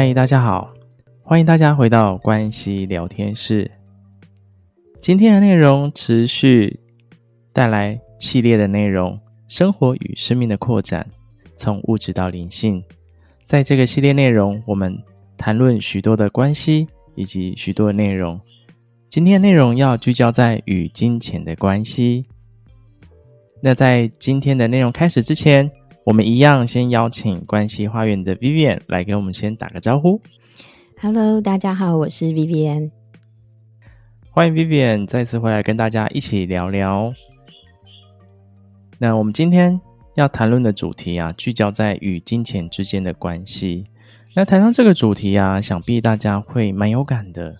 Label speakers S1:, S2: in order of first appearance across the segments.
S1: 嗨，大家好！歡迎大家回到關係聊天室。今天的內容持續帶來系列的內容，生活與生命的擴展，從物質到靈性。在這個系列內容，我們談論許多的關係以及許多的內容。今天的內容要聚焦在與金錢的關係。那在今天的內容開始之前，我們一樣，先邀請關係花園的 Vivian 來給我們先打個招呼。
S2: Hello，大家好，我是 Vivian，
S1: 歡迎 Vivian 再次回來跟大家一起聊聊。那我們今天要談論的主題啊，聚焦在與金錢之間的關係。那談到這個主題啊，想必大家會蠻有感的，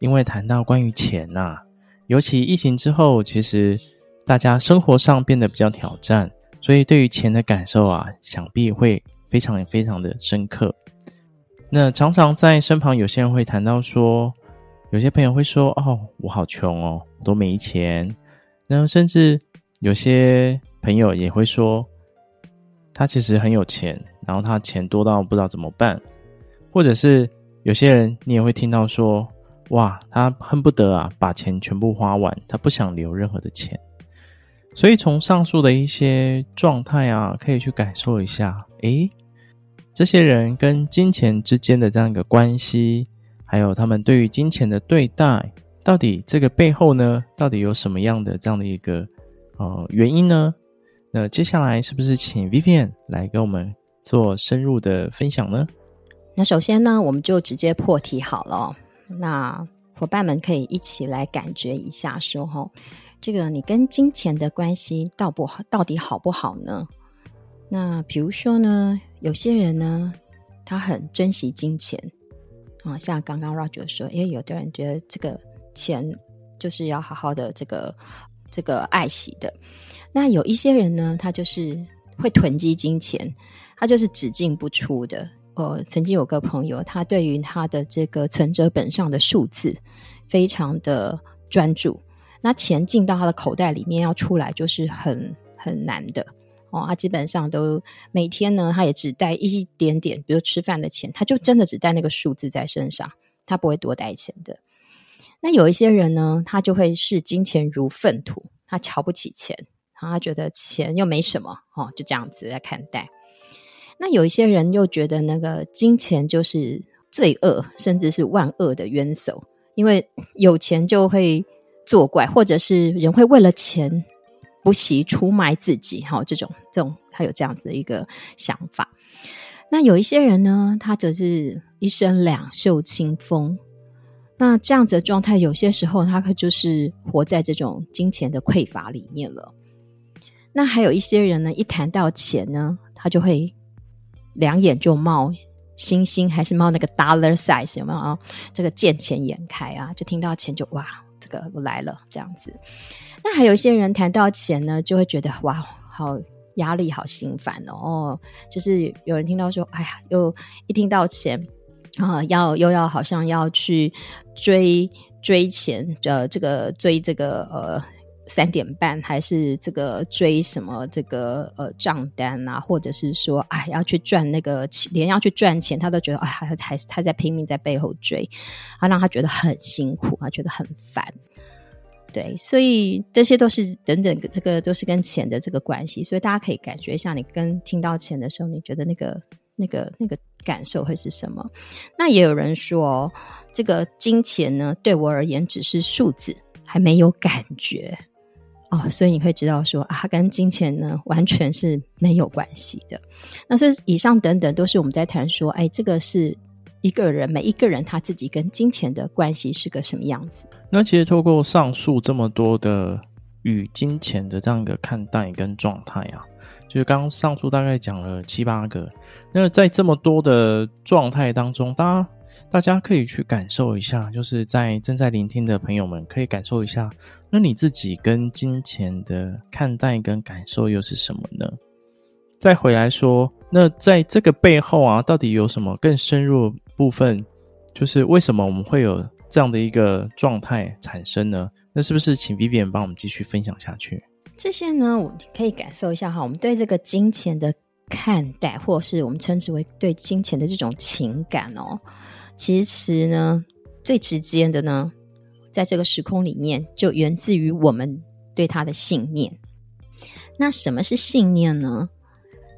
S1: 因為談到關於錢啊，尤其疫情之後，其實大家生活上變得比較挑戰。所以，對於錢的感受啊，想必會非常非常的深刻。那常常在身旁，有些人會談到說，有些朋友會說：“哦，我好窮哦，我都沒錢。”那甚至有些朋友也會說，他其實很有錢，然後他錢多到不知道怎麼辦。或者是有些人，你也會聽到說：“哇，他恨不得啊把錢全部花完，他不想留任何的錢。”所以從上述的一些狀態啊，可以去感受一下，誒這些人跟金錢之間的這樣一個關係，還有他們對於金錢的對待，到底這個背後呢，到底有什麼樣的這樣的一個呃原因呢？那接下來是不是請 Vivian 來跟我們做深入的分享呢？
S2: 那首先呢，我們就直接破題好了，那夥伴們可以一起來感覺一下說，齁。這個你跟金錢的關係到不好，到底好不好呢？那比如說呢，有些人呢，他很珍惜金錢啊、嗯，像剛剛 Roger 說，因為，有的人覺得這個錢就是要好好的這個這個愛惜的。那有一些人呢，他就是會囤積金錢，他就是只進不出的。我曾經有個朋友，他對於他的這個存折本上的數字非常的專注。那錢進到他的口袋裡面，要出來就是很很難的哦。他基本上都每天呢，他也只帶一點點，比如吃飯的錢，他就真的只帶那個數字在身上，他不會多帶錢的。那有一些人呢，他就會視金錢如糞土，他瞧不起錢，他覺得錢又沒什麼哦，就這樣子來看待。那有一些人又覺得那個金錢就是罪惡，甚至是萬惡的淵藪，因為有錢就會作怪，或者是人會為了錢不惜出賣自己，哈、哦，這種這種他有這樣子的一個想法。那有一些人呢，他則是一身兩袖清風。那這樣子的狀態，有些時候他可就是活在這種金錢的匱乏裡面了。那還有一些人呢，一談到錢呢，他就會兩眼就冒星星，還是冒那個 dollar size 有沒有啊、哦？這個見錢眼開啊，就聽到錢就哇！這個我來了，這樣子。那還有一些人談到錢呢，就會覺得哇，好壓力，好心煩哦，哦。就是有人聽到說，哎呀，又一聽到錢啊，要、呃、又要，又要好像要去追追錢，呃、這個追這個呃。三點半還是這個追什麼這個呃賬單啊，或者是說哎，要去賺那個錢，連要去賺錢，他都覺得哎，還還他,他在拼命在背後追，啊讓他覺得很辛苦啊，他覺得很煩。對，所以這些都是等等這個都是跟錢的這個關係，所以大家可以感覺一下，你跟聽到錢的時候，你覺得那個那個那個感受會是什麼？那也有人說，這個金錢呢對我而言只是數字，還沒有感覺。哦，所以你會知道說啊，跟金錢呢完全是沒有關係的。那所以以上等等都是我們在談說，哎，這個是一個人，每一個人他自己跟金錢的關係是個什麼樣子？
S1: 那其實透過上述這麼多的與金錢的這樣一個看待跟狀態啊，就是剛剛上述大概講了七八個，那在這麼多的狀態當中，大家。大家可以去感受一下，就是在正在聆聽的朋友們可以感受一下，那你自己跟金錢的看待跟感受又是什麼呢？再回來說，那在這個背後啊，到底有什麼更深入的部分？就是為什麼我們會有這樣的一個狀態產生呢？那是不是請 Vivian 幫我們繼續分享下去？
S2: 這些呢，我可以感受一下哈，我們對這個金錢的看待，或是我們稱之為對金錢的這種情感。哦。其實呢，最直接的呢，在這個時空裡面，就源自於我們對他的信念。那什麼是信念呢？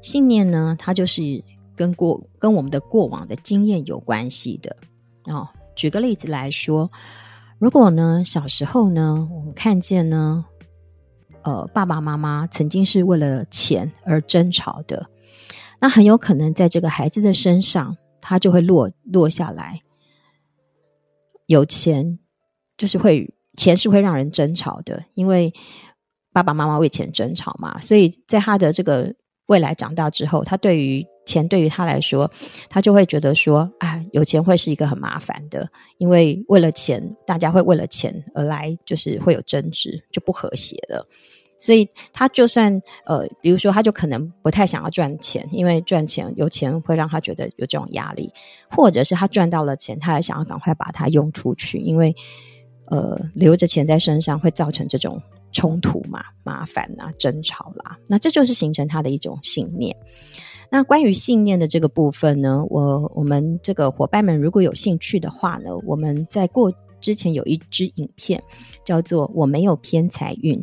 S2: 信念呢，它就是跟過，跟我們的過往的經驗有關係的。哦，舉個例子來說，如果呢，小時候呢，我們看見呢，呃，爸爸媽媽曾經是為了錢而爭吵的，那很有可能在這個孩子的身上。他就會落落下來。有錢就是會，錢是會讓人爭吵的，因為爸爸媽媽為錢爭吵嘛，所以在他的這個未來長大之後，他對於錢對於他來說，他就會覺得說：“哎，有錢會是一個很麻煩的，因為為了錢，大家會為了錢而來，就是會有爭執，就不和諧的。”所以他就算呃，比如說，他就可能不太想要賺錢，因為賺錢有錢會讓他覺得有這種壓力，或者是他賺到了錢，他也想要趕快把它用出去，因為呃，留着錢在身上會造成這種衝突嘛、麻煩吶、啊、爭吵啦。那這就是形成他的一種信念。那關於信念的這個部分呢，我我們這個伙伴們如果有興趣的話呢，我們在過之前有一支影片叫做《我沒有偏財運》。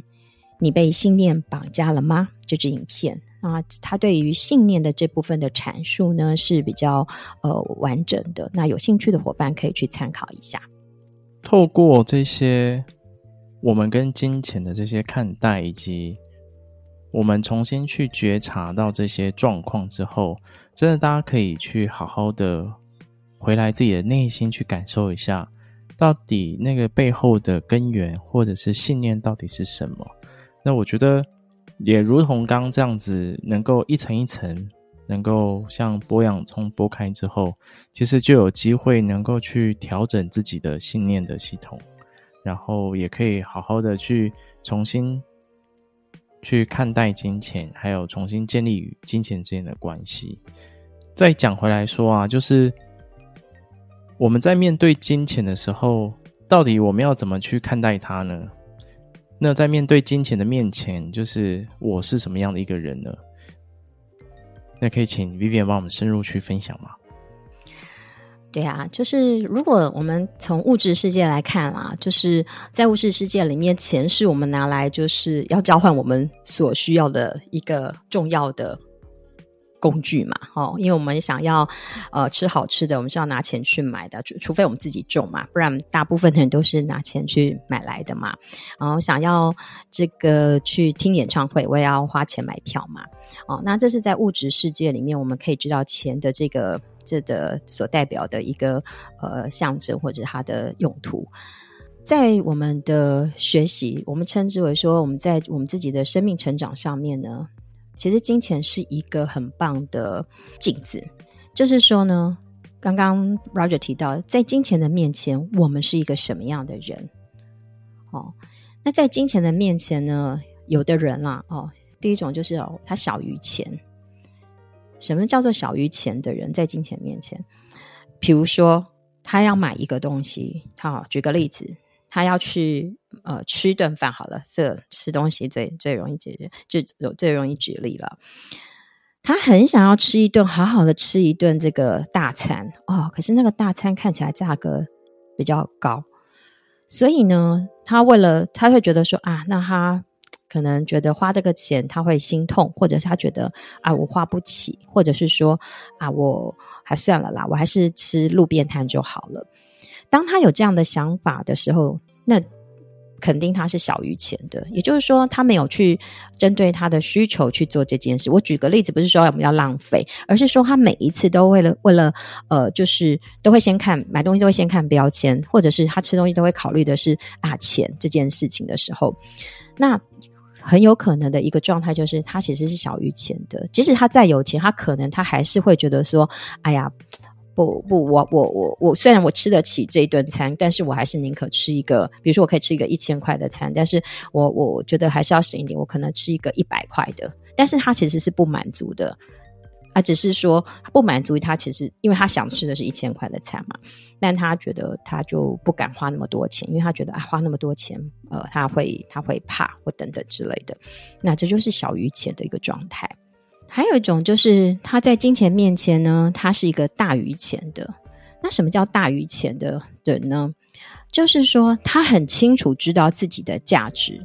S2: 你被信念綁架了嗎？這支影片啊，它對於信念的這部分的闡述呢，是比較呃完整的。那有興趣的伙伴可以去參考一下。
S1: 透過這些我們跟金錢的這些看待，以及我們重新去覺察到這些狀況之後，真的大家可以去好好的回來自己的內心去感受一下，到底那個背後的根源或者是信念到底是什麼。那我覺得，也如同剛這樣子，能夠一層一層，能夠像剝洋蔥剝開之後，其實就有機會能夠去調整自己的信念的系統，然後也可以好好的去重新去看待金錢，還有重新建立與金錢之間的關係。再講回來說啊，就是我們在面對金錢的時候，到底我們要怎麼去看待它呢？那在面對金錢的面前，就是我是什麼樣的一個人呢？那可以請 Vivian 幫我們深入去分享嗎？
S2: 對啊，就是如果我們從物質世界來看啊，就是在物質世界裡面，錢是我們拿來就是要交換我們所需要的一個重要的。工具嘛，哦，因為我們想要呃吃好吃的，我們是要拿錢去買的，除除非我們自己種嘛，不然大部分的人都是拿錢去買來的嘛。然後想要這個去聽演唱會，我也要花錢買票嘛。哦，那這是在物質世界裡面，我們可以知道錢的這個這個所代表的一個呃象徵或者它的用途。在我們的學習，我們稱之為說，我們在我們自己的生命成長上面呢。其實金錢是一個很棒的鏡子，就是說呢，剛剛 Roger 提到，在金錢的面前，我們是一個什麼樣的人？哦，那在金錢的面前呢，有的人啦、啊，哦，第一種就是哦，他小於錢。什麼叫做小於錢的人在金錢面前？比如說，他要買一個東西，好、哦，舉個例子。他要去呃吃一頓飯好了，這吃東西最最容易解決，就最容易舉例了。他很想要吃一頓好好的吃一頓這個大餐哦。可是那個大餐看起來價格比較高，所以呢，他為了他會覺得說啊，那他可能覺得花這個錢他會心痛，或者是他覺得啊，我花不起，或者是說啊，我還算了啦，我還是吃路邊攤就好了。當他有這樣的想法的時候，那肯定他是小於錢的。也就是說，他沒有去針對他的需求去做這件事。我舉個例子，不是說我們要浪費，而是說他每一次都為了為了呃，就是都會先看買東西都會先看標籤，或者是他吃東西都會考慮的是啊錢這件事情的時候，那很有可能的一個狀態就是他其實是小於錢的。即使他再有錢，他可能他還是會覺得說，哎呀。不不，我我我我雖然我吃得起這一頓餐，但是我還是寧可吃一個，比如說我可以吃一個一千塊的餐，但是我我覺得還是要省一點，我可能吃一個一百塊的，但是他其實是不滿足的，他、啊、只是說不滿足，他其實因為他想吃的是一千塊的餐嘛，但他覺得他就不敢花那麼多錢，因為他覺得啊花那麼多錢，呃，他會他會怕或等等之類的，那這就是小於錢的一個狀態。還有一種就是他在金錢面前呢，他是一個大於錢的。那什麼叫大於錢的人呢？就是說他很清楚知道自己的價值，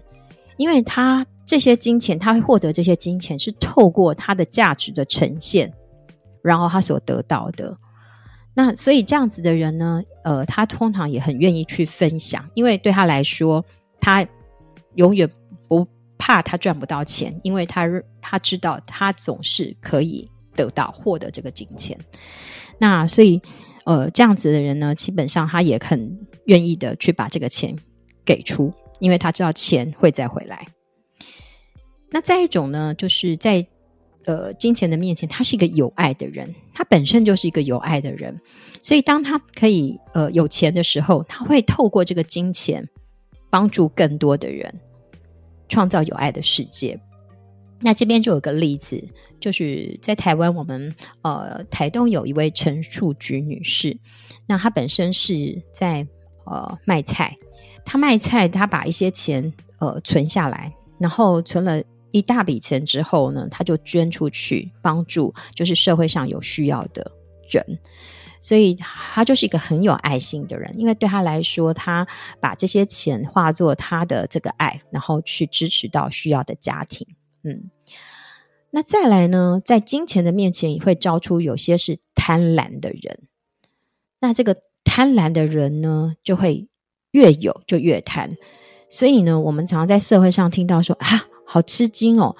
S2: 因為他這些金錢，他會獲得這些金錢是透過他的價值的呈現，然後他所得到的。那所以這樣子的人呢，呃，他通常也很願意去分享，因為對他來說，他永遠不怕他賺不到錢，因為他他知道他總是可以得到獲得這個金錢。那所以，呃，這樣子的人呢，基本上他也很願意的去把這個錢給出，因為他知道錢會再回來。那再一種呢，就是在呃金錢的面前，他是一個有愛的人，他本身就是一個有愛的人，所以當他可以呃有錢的時候，他會透過這個金錢幫助更多的人，創造有愛的世界。那這邊就有個例子，就是在台灣，我們呃台東有一位陳樹菊女士，那她本身是在呃賣菜，她賣菜，她把一些錢呃存下來，然後存了一大筆錢之後呢，她就捐出去幫助，就是社會上有需要的。所以他就是一個很有愛心的人，因為對他來說，他把這些錢化作他的這個愛，然後去支持到需要的家庭。嗯，那再來呢，在金錢的面前，也會照出有些是貪婪的人。那這個貪婪的人呢，就會越有就越貪。所以呢，我們常常在社會上聽到說啊，好吃驚哦，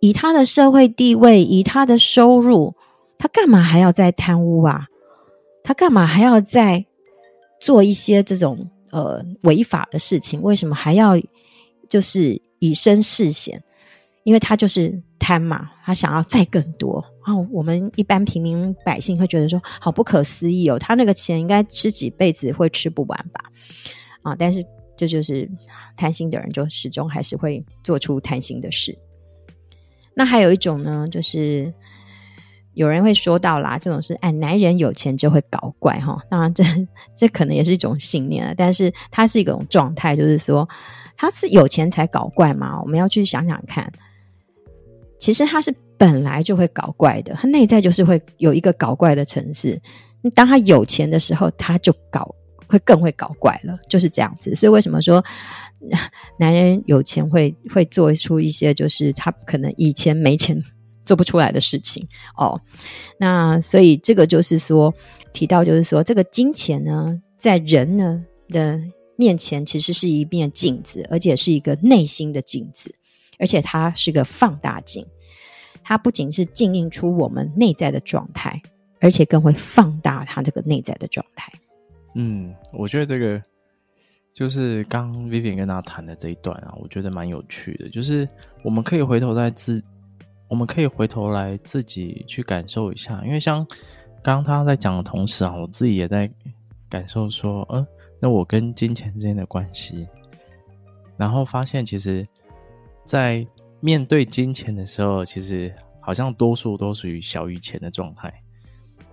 S2: 以他的社會地位，以他的收入。他幹嘛還要再貪汙啊？他幹嘛還要再做一些這種呃違法的事情？為什麼還要就是以身試險？因為他就是貪嘛，他想要再更多，哦，我們一般平民百姓會覺得說，好不可思議哦，他那個錢應該吃幾輩子會吃不完吧？啊，嗯！但是這就是貪心的人，就始終還是會做出貪心的事。那還有一種呢，就是。有人會說到啦，這種事，哎，男人有錢就會搞怪哈、哦。當然這，這這可能也是一種信念了，但是它是一種狀態，就是說他是有錢才搞怪嗎？我們要去想想看，其實他是本來就會搞怪的，他內在就是會有一個搞怪的層次。當他有錢的時候，他就搞，會更會搞怪了，就是這樣子。所以為什麼說男人有錢會會做出一些，就是他可能以前沒錢。做不出來的事情哦，那所以這個就是說提到，就是說這個金錢呢，在人呢的面前，其實是一面鏡子，而且是一個內心的鏡子，而且它是一個放大鏡。它不僅是鏡映出我們內在的狀態，而且更會放大它這個內在的狀態。
S1: 嗯，我覺得這個就是剛 Vivian 跟大家談的這一段啊，我覺得蠻有趣的，就是我們可以回頭再自。我們可以回頭來自己去感受一下，因為像剛剛他在講的同時啊，我自己也在感受說，嗯，那我跟金錢之間的關係，然後發現其實，在面對金錢的時候，其實好像多數都屬於小於錢的狀態，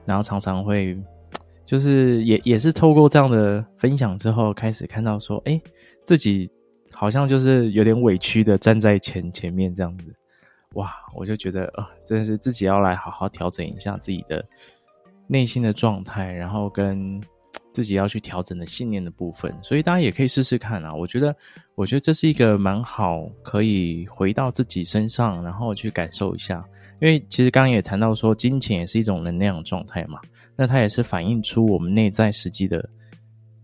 S1: 然後常常會就是也也是透過這樣的分享之後，開始看到說，哎，自己好像就是有點委屈的站在錢前面這樣子。哇，我就覺得啊、哦，真的是自己要來好好調整一下自己的內心的狀態，然後跟自己要去調整的信念的部分，所以大家也可以試試看啊。我覺得，我覺得這是一個蠻好，可以回到自己身上，然後去感受一下。因為其實剛剛也談到說，金錢也是一種能量狀態嘛，那它也是反映出我們內在實際的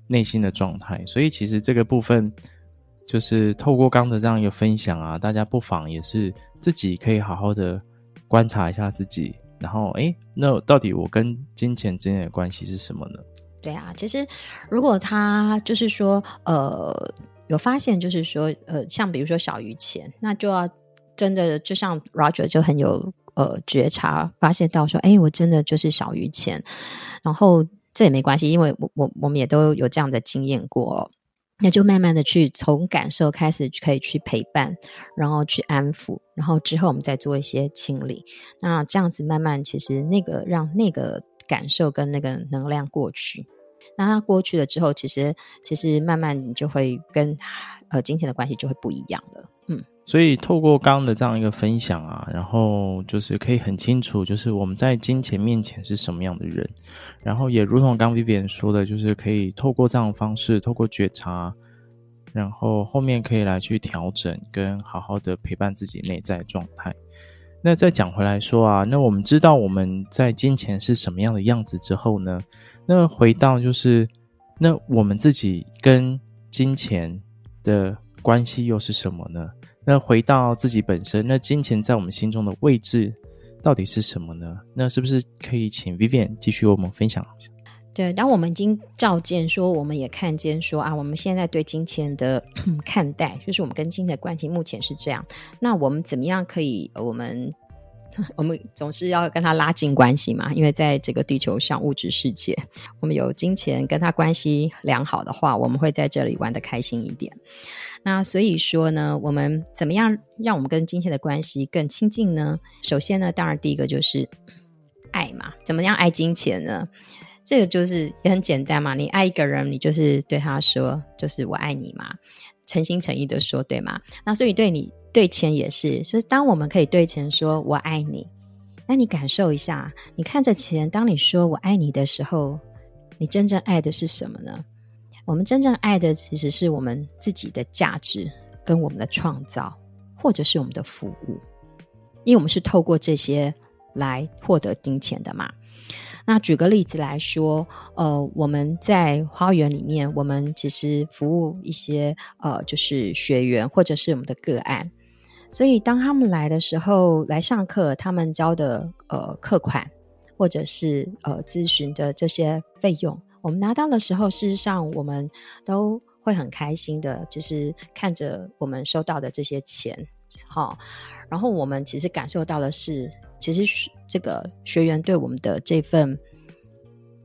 S1: 內心的狀態。所以其實這個部分，就是透過剛的這樣一個分享啊，大家不妨也是。自己可以好好的觀察一下自己，然後哎，那到底我跟金錢之間的關係是什麼呢？
S2: 對啊，其實如果他就是說呃有發現，就是說呃像比如說小於錢，那就要，啊，真的就像 Roger 就很有呃覺察，發現到說哎，我真的就是小於錢，然後這也沒關係，因為我我我們也都有這樣的經驗過。那就慢慢的去從感受開始，可以去陪伴，然後去安撫，然後之後我們再做一些清理。那這樣子慢慢，其實那個讓那個感受跟那個能量過去，那它過去了之後，其實其實慢慢你就會跟呃金錢的關係就會不一樣了。
S1: 所以，透過剛剛的這樣一個分享啊，然後就是可以很清楚，就是我們在金錢面前是什麼樣的人。然後也如同剛剛 Vivian 說的，就是可以透過這樣的方式，透過覺察，然後後面可以來去調整，跟好好的陪伴自己內在狀態。那再講回來說啊，那我們知道我們在金錢是什麼樣的樣子之後呢，那回到就是，那我們自己跟金錢的關係又是什麼呢？那回到自己本身，那金錢在我們心中的位置到底是什麼呢？那是不是可以請 Vivian 繼續為我們分享一下？
S2: 對，當我們已經照見說，我們也看見說啊，我們現在對金錢的看待，就是我們跟金錢的關係目前是這樣。那我們怎麼樣可以我們？我們總是要跟他拉近關係嘛，因為在這個地球上物質世界，我們有金錢跟他關係良好的話，我們會在這裡玩得開心一點。那所以說呢，我們怎麼樣讓我們跟金錢的關係更親近呢？首先呢，當然第一個就是愛嘛，怎麼樣愛金錢呢？這個就是也很簡單嘛，你愛一個人，你就是對他說，就是我愛你嘛。誠心誠意的說，對嗎？那所以對你對錢也是，所以當我們可以對錢說“我愛你”，那你感受一下，你看着錢，當你說“我愛你”的時候，你真正愛的是什麼呢？我們真正愛的其實是我們自己的價值，跟我們的創造，或者是我們的服務，因為我們是透過這些來獲得金錢的嘛。那舉個例子來說，呃，我們在花園裡面，我們其實服務一些呃，就是學員或者是我們的個案，所以當他們來的時候來上課，他們交的呃課款或者是呃諮詢的這些費用，我們拿到的時候，事實上我們都會很開心的，就是看着我們收到的這些錢，好，哦，然後我們其實感受到的是。其實這個學員對我們的這份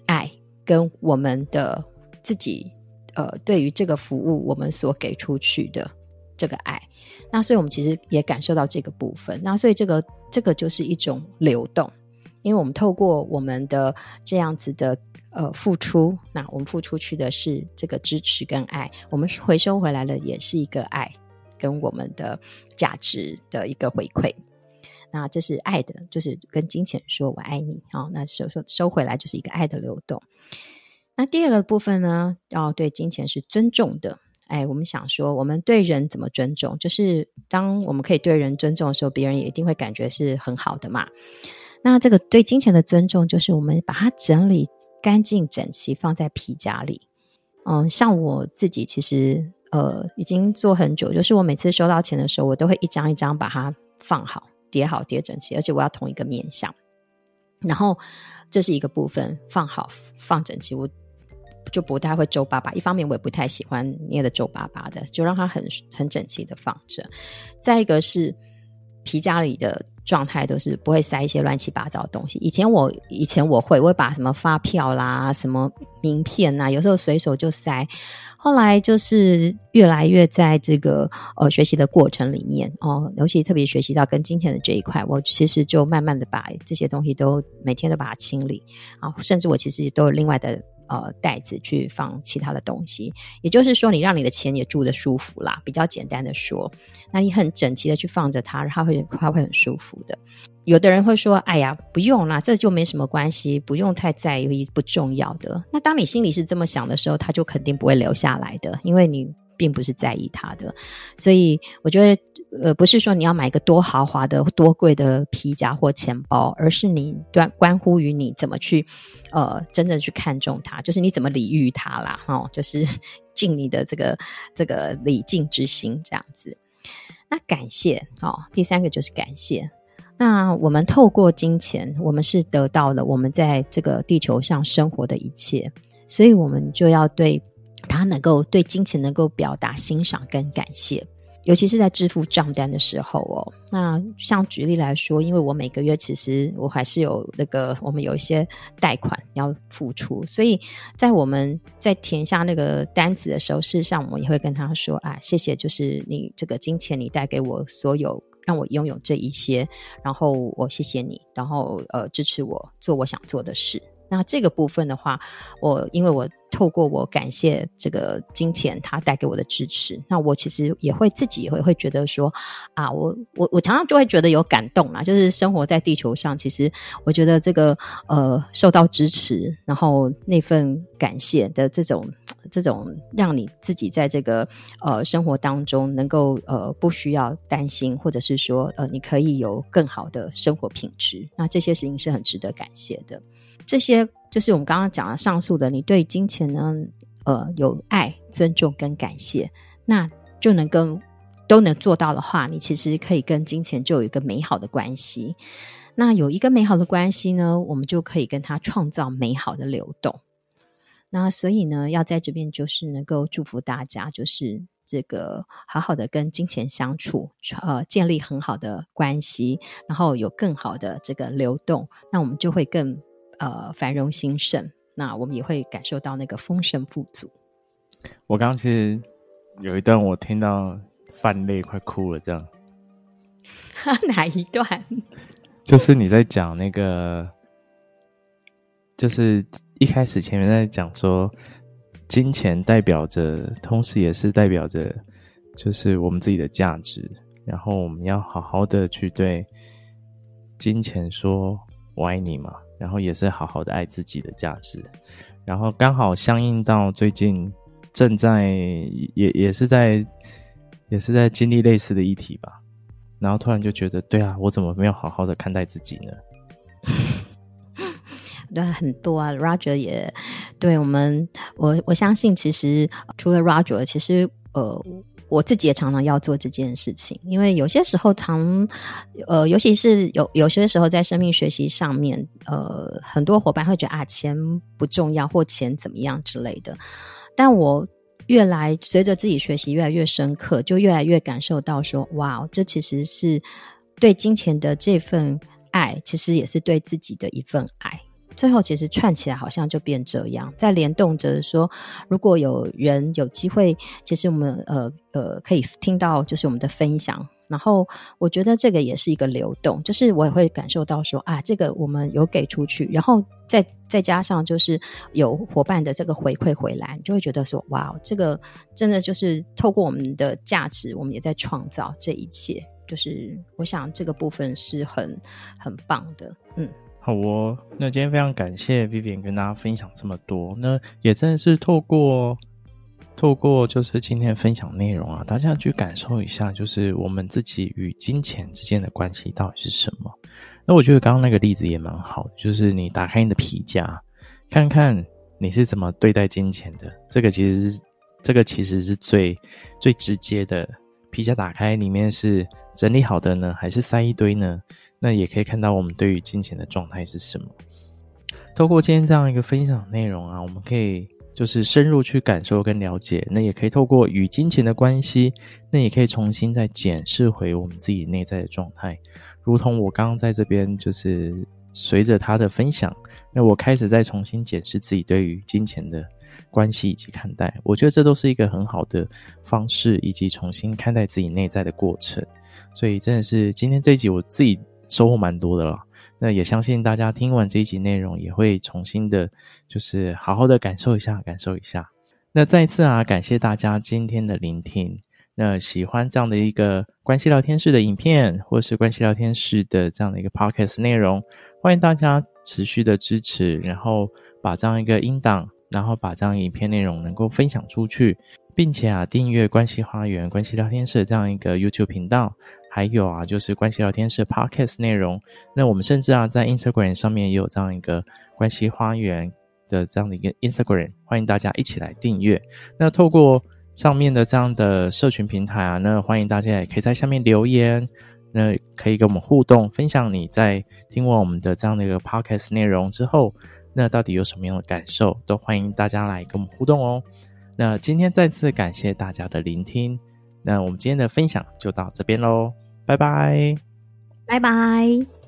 S2: 愛，跟我們的自己，呃，對於這個服務我們所給出去的這個愛，那所以我們其實也感受到這個部分。那所以這個這個就是一種流動，因為我們透過我們的這樣子的呃付出，那我們付出去的是這個支持跟愛，我們回收回來的也是一個愛，跟我們的價值的一個回饋。那這是愛的，就是跟金錢說“我愛你”啊、哦。那收收收回來就是一個愛的流動。那第二個部分呢，要對金錢是尊重的。哎，我們想說，我們對人怎麼尊重，就是當我們可以對人尊重的時候，別人也一定會感覺是很好的嘛。那這個對金錢的尊重，就是我們把它整理乾淨整齊，放在皮夾裡。嗯，像我自己其實呃，已經做很久，就是我每次收到錢的時候，我都會一張一張把它放好。疊好疊整齊，而且我要同一個面向。然後這是一個部分，放好放整齊，我就不太會皺巴巴。一方面我也不太喜歡捏得皺巴巴的，就讓它很很整齊的放着。再一個是皮夾裡的狀態都是不會塞一些亂七八糟的東西。以前我以前我會，我會把什麼發票啦、什麼名片啊，有時候隨手就塞。後來就是越來越在這個呃學習的過程裡面哦，尤其特別學習到跟金錢的這一塊，我其實就慢慢的把這些東西都每天都把它清理，啊、哦，甚至我其實都有另外的。呃，袋子去放其他的東西，也就是說，你讓你的錢也住得舒服啦。比較簡單的說，那你很整齊的去放着它，它會它會很舒服的。有的人會說，哎呀，不用啦，這就沒什麼關係，不用太在意，不重要的。那當你心裡是這麼想的時候，他就肯定不會留下來的，因為你並不是在意他的。所以，我覺得。呃，不是說你要買個多豪華的、多貴的皮夾或錢包，而是你關關乎於你怎麼去，呃，真正去看重它，就是你怎麼禮遇它啦，哦，就是盡你的這個這個禮敬之心這樣子。那感謝哦，第三個就是感謝。那我們透過金錢，我們是得到了我們在這個地球上生活的一切，所以我們就要對它能夠對金錢能夠表達欣賞跟感謝。尤其是在支付賬單的時候哦，那像舉例來說，因為我每個月其實我還是有那個，我們有一些貸款要付出，所以在我們在填下那個單子的時候，事實上我也會跟他說啊、哎，謝謝，就是你這個金錢你帶給我所有，讓我擁有這一些，然後我謝謝你，然後呃支持我做我想做的事。那這個部分的話，我因為我。透過我感謝這個金錢，它帶給我的支持，那我其實也會自己也會會覺得說，啊，我我我常常就會覺得有感動啦。就是生活在地球上，其實我覺得這個呃受到支持，然後那份感謝的這種這種，讓你自己在這個呃生活當中能夠呃不需要擔心，或者是說呃你可以有更好的生活品質，那這些事情是很值得感謝的。這些就是我們剛剛講的上述的，你對金錢呢，呃，有愛、尊重跟感謝，那就能跟都能做到的話，你其實可以跟金錢就有一個美好的關係。那有一個美好的關係呢，我們就可以跟他創造美好的流動。那所以呢，要在這邊就是能夠祝福大家，就是這個好好的跟金錢相處，呃，建立很好的關係，然後有更好的這個流動，那我們就會更。呃，繁榮興盛，那我們也會感受到那個豐盛富足。
S1: 我剛其實有一段，我聽到泛淚，快哭了。這樣，
S2: 哪一段？
S1: 就是你在講那個， 就是一開始前面在講說，金錢代表着，同時也是代表着，就是我們自己的價值。然後我們要好好的去對金錢說“我愛你”嘛。然後也是好好的愛自己的價值，然後剛好相應到最近正在也也是在也是在經歷類似的議題吧，然後突然就覺得，對啊，我怎麼沒有好好的看待自己呢？
S2: 對，很多啊，Roger 也對我們，我我相信其實除了 Roger，其實呃。我自己也常常要做這件事情，因為有些時候常，呃，尤其是有有些時候在生命學習上面，呃，很多伙伴會覺得啊，錢不重要或錢怎麼樣之類的，但我越來隨着自己學習越來越深刻，就越來越感受到說，哇，這其實是對金錢的這份愛，其實也是對自己的一份愛。最後其實串起來好像就變這樣，在聯動着說，如果有人有機會，其實我們呃呃可以聽到就是我們的分享。然後我覺得這個也是一個流動，就是我也會感受到說啊，這個我們有給出去，然後再再加上就是有伙伴的這個回饋回來，你就會覺得說哇，這個真的就是透過我們的價值，我們也在創造這一切。就是我想這個部分是很很棒的，嗯。
S1: 好哦，那今天非常感謝 Vivian 跟大家分享這麼多。那也真的是透過透過，就是今天分享內容啊，大家去感受一下，就是我們自己與金錢之間的關係到底是什麼。那我覺得剛剛那個例子也蠻好的，就是你打開你的皮夾，看看你是怎麼對待金錢的。這個其實是這個其實是最最直接的，皮夾打開裡面是。整理好的呢，還是塞一堆呢？那也可以看到我們對於金錢的狀態是什麼。透過今天這樣一個分享內容啊，我們可以就是深入去感受跟了解，那也可以透過與金錢的關係，那也可以重新再檢視回我們自己內在的狀態。如同我剛剛在這邊就是，隨着他的分享，那我開始再重新檢視自己對於金錢的關係以及看待，我覺得這都是一個很好的方式，以及重新看待自己內在的過程。所以真的是今天這一集我自己收穫蠻多的了。那也相信大家聽完這一集內容，也會重新的，就是好好的感受一下，感受一下。那再一次啊，感謝大家今天的聆聽。那喜歡這樣的一個關係聊天室的影片，或是關係聊天室的這樣的一個 podcast 內容，歡迎大家持續的支持，然後把這樣一個音檔，然後把這樣影片內容能夠分享出去，並且啊訂閱關係花園、關係聊天室的這樣一個 YouTube 頻道，還有啊就是關係聊天室 podcast 內容。那我們甚至啊在 Instagram 上面也有這樣一個關係花園的這樣的一個 Instagram，歡迎大家一起來訂閱。那透過。上面的這樣的社群平台啊，那歡迎大家也可以在下面留言，那可以跟我們互動，分享你在聽完我們的這樣的一個 podcast 內容之後，那到底有什麼樣的感受，都歡迎大家來跟我們互動哦。那今天再次感謝大家的聆聽，那我們今天的分享就到這邊嘍，拜拜，
S2: 拜拜。